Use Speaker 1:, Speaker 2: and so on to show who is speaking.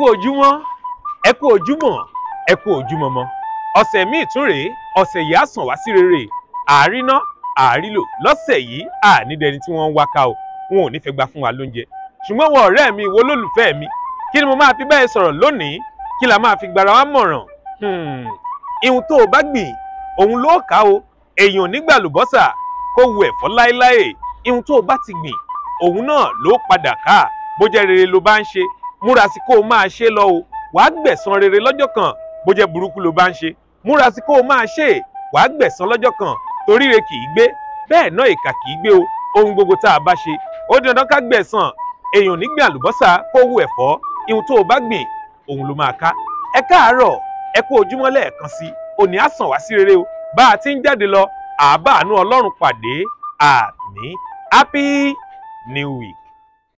Speaker 1: kú
Speaker 2: ojúmọ́ ẹ kú ojúmọ́ ẹ kú ojúmọmọ ọ̀sẹ̀ míì tún rèé ọ̀sẹ̀ yìí á sàn wá sí rere àáríná àárílò lọ́sẹ̀ yìí ànídẹni tí wọ́n ń wá ká o wọn ò ní fẹ́ gba fún wa lóúnjẹ ṣùgbọ́n wọn ọ̀rẹ́ mi wo lólùfẹ́ mi kí ni mo máa fi bẹ́ẹ̀ sọ̀rọ̀ lónìí kí la máa fi gbara wa mọ̀ràn hmm, ihun tó o bá gbìn òun ló ká o èèyàn nígbà lùbọ́sà kó wu ẹ̀fọ́ láéláé ihun tó o bá ti gbìn òun náà ló padà ká bó jẹ́ rere ló bá ń ṣe múra sí kó o máa ṣe lọ o wàá gbẹ̀san rere lọ́jọ́ kan bó jẹ́ burúkú ló bá ń ṣe múra sí kó o máa ṣe é wàá gbẹ̀san lọ́jọ́ kan torí re kì í gbé bẹ́ẹ̀ náà ìkà kì í gbé o ohun gbogbo tá a bá ṣe ó di dandan ká gbẹ̀san èèyàn nígbìn àlùbọ́sà kó wù ẹ̀fọ́ ihun tó o bá gbìn òun ló máa ká ẹ káàárọ̀ ẹ kú ojúmọ́ lẹ́ẹ̀kan sí òní á wá sí rere o bá a ti ń jáde lọ àbáàánú ọlọ́run pàdé àmín happy
Speaker 3: new week.